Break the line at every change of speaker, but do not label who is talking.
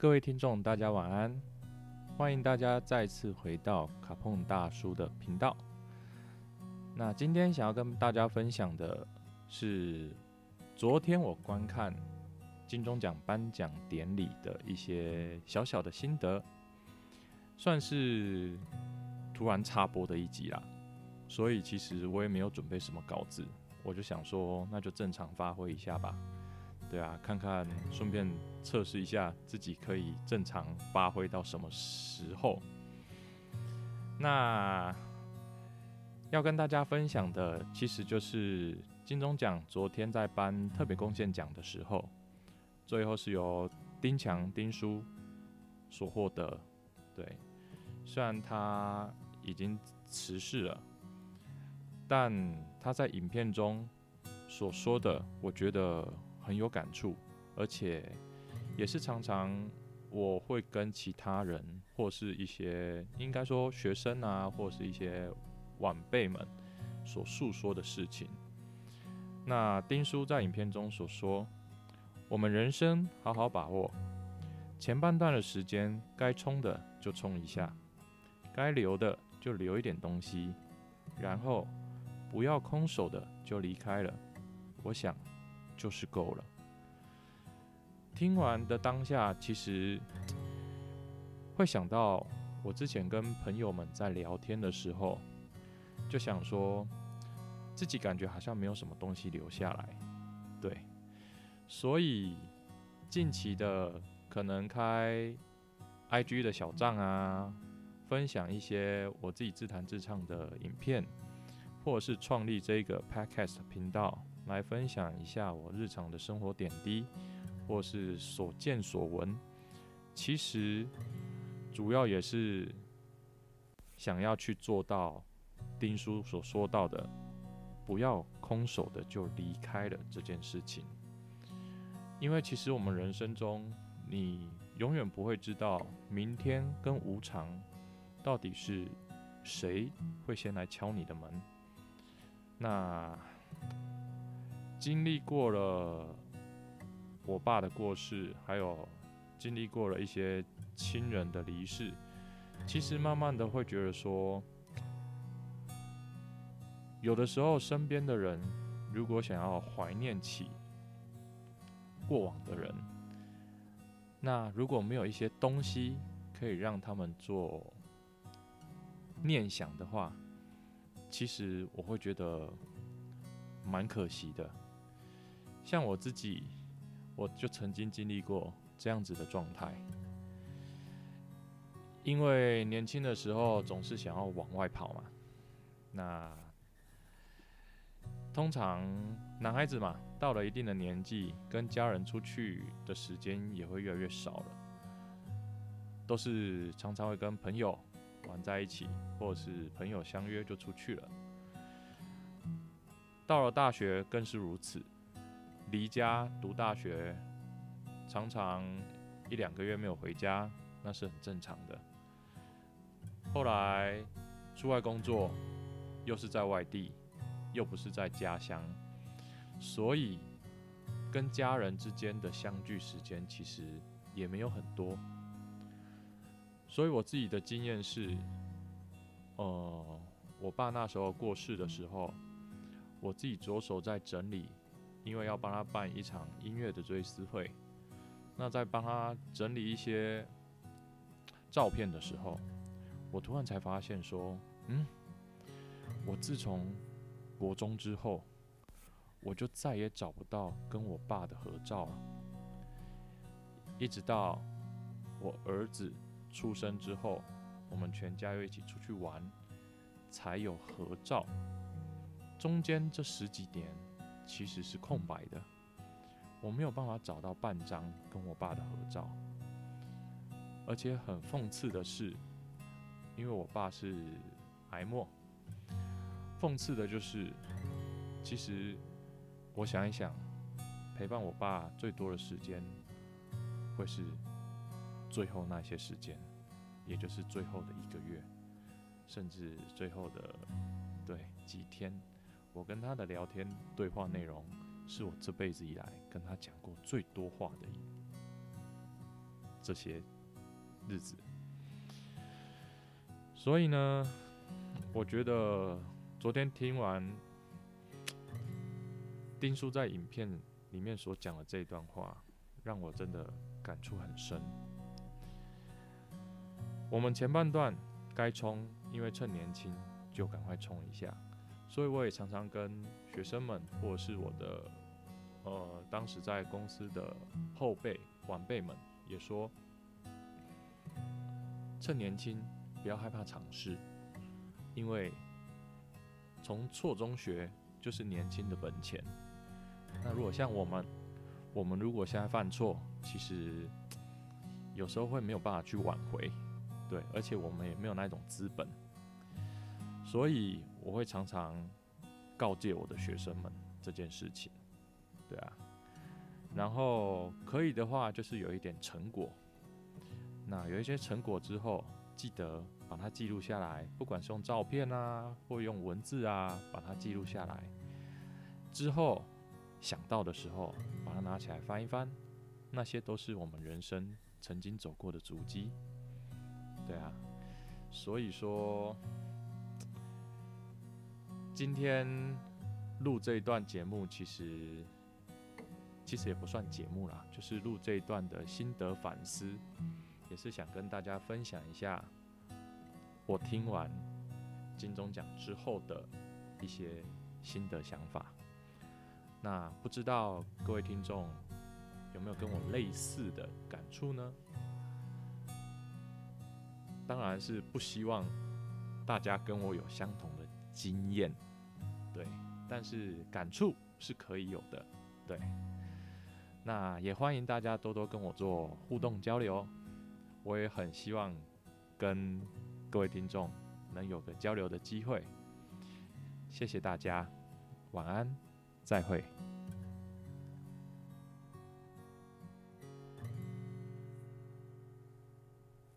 各位聽眾，大家晚安！歡迎大家再次回到卡碰大叔的頻道。那今天想要跟大家分享的是，昨天我觀看金鐘獎頒獎典禮的一些小小的心得，算是突然插播的一集啦。所以其實我也沒有準備什麼稿子，我就想說，那就正常發揮一下吧。對啊，看看順便測試一下自己可以正常發揮到什麼時候。那要跟大家分享的，其實就是金鐘獎昨天在頒特別貢獻獎的時候，最後是由丁強丁叔所獲得。對，雖然他已經辭世了，但他在影片中所說的，我覺得。很有感觸，而且也是常常我會跟其他人或是一些應該說學生啊，或是一些晚輩們所訴說的事情。那丁叔在影片中所說，我們人生好好把握前半段的時間，該衝的就衝一下，該留的就留一點東西，然後不要空手的就離開了。我想。就是夠了。聽完的當下，其實會想到我之前跟朋友們在聊天的時候，就想說自己感覺好像沒有什麼東西留下來，對。所以近期的可能開 IG 的小賬啊，分享一些我自己自彈自唱的影片，或者是創立這個 Podcast 頻道。來分享一下我日常的生活點滴，或是所見所聞。其實，主要也是想要去做到丁叔所說到的，不要空手的就離開了這件事情。因為其實我們人生中，你永遠不會知道明天跟無常到底是誰會先來敲你的門。那。經歷過了我爸的過世，還有經歷過了一些親人的離世，其實慢慢的會覺得說，有的時候身邊的人如果想要懷念起過往的人，那如果沒有一些東西可以讓他們做念想的話，其實我會覺得蠻可惜的。像我自己，我就曾經經歷過這樣子的狀態，因為年輕的時候總是想要往外跑嘛。那通常男孩子嘛，到了一定的年紀，跟家人出去的時間也會越來越少了，都是常常會跟朋友玩在一起，或者是朋友相約就出去了。到了大學更是如此。離家讀大學，常常一兩個月沒有回家，那是很正常的。後來出外工作，又是在外地，又不是在家鄉，所以跟家人之間的相聚時間其實也沒有很多。所以我自己的經驗是，呃，我爸那時候過世的時候，我自己着手在整理。因為要幫他辦一場音樂的追思會，那在幫他整理一些照片的時候，我突然才發現說，嗯，我自從國中之後，我就再也找不到跟我爸的合照了。一直到我兒子出生之後，我們全家又一起出去玩，才有合照。中間這十幾年，其實是空白的，我沒有辦法找到半張跟我爸的合照。而且很諷刺的是，因為我爸是癌末，諷刺的就是，其實我想一想，陪伴我爸最多的時間，會是最後那些時間，也就是最後的一個月，甚至最後的，對，幾天。我跟他的聊天對話內容，是我這輩子以來跟他講過最多話的這些日子。所以呢，我覺得昨天聽完丁叔在影片裡面所講的這段話，讓我真的感觸很深。我們前半段該衝，因為趁年輕就趕快衝一下。所以我也常常跟學生們，或者是我的呃當時在公司的後輩、晚輩們，也說：趁年輕，不要害怕嘗試，因為從錯中學就是年輕的本錢。那如果像我們，我們如果現在犯錯，其實有時候會沒有辦法去挽回，對，而且我們也沒有那種資本，所以。我會常常告誡我的學生們這件事情，對啊，然後可以的話就是有一點成果，那有一些成果之後，記得把它記錄下來，不管是用照片啊，或用文字啊，把它記錄下來，之後想到的時候，把它拿起來翻一翻，那些都是我們人生曾經走過的足迹，對啊，所以說。今天錄這一段節目，其實其實也不算節目啦，就是錄這一段的心得反思，也是想跟大家分享一下我聽完金鐘獎之後的一些心得想法。那不知道各位聽眾有沒有跟我類似的感觸呢？當然是不希望大家跟我有相同的經驗。對，但是感觸是可以有的。對，那也歡迎大家多多跟我做互動交流，我也很希望跟各位聽眾能有個交流的機會。謝謝大家，晚安，再會。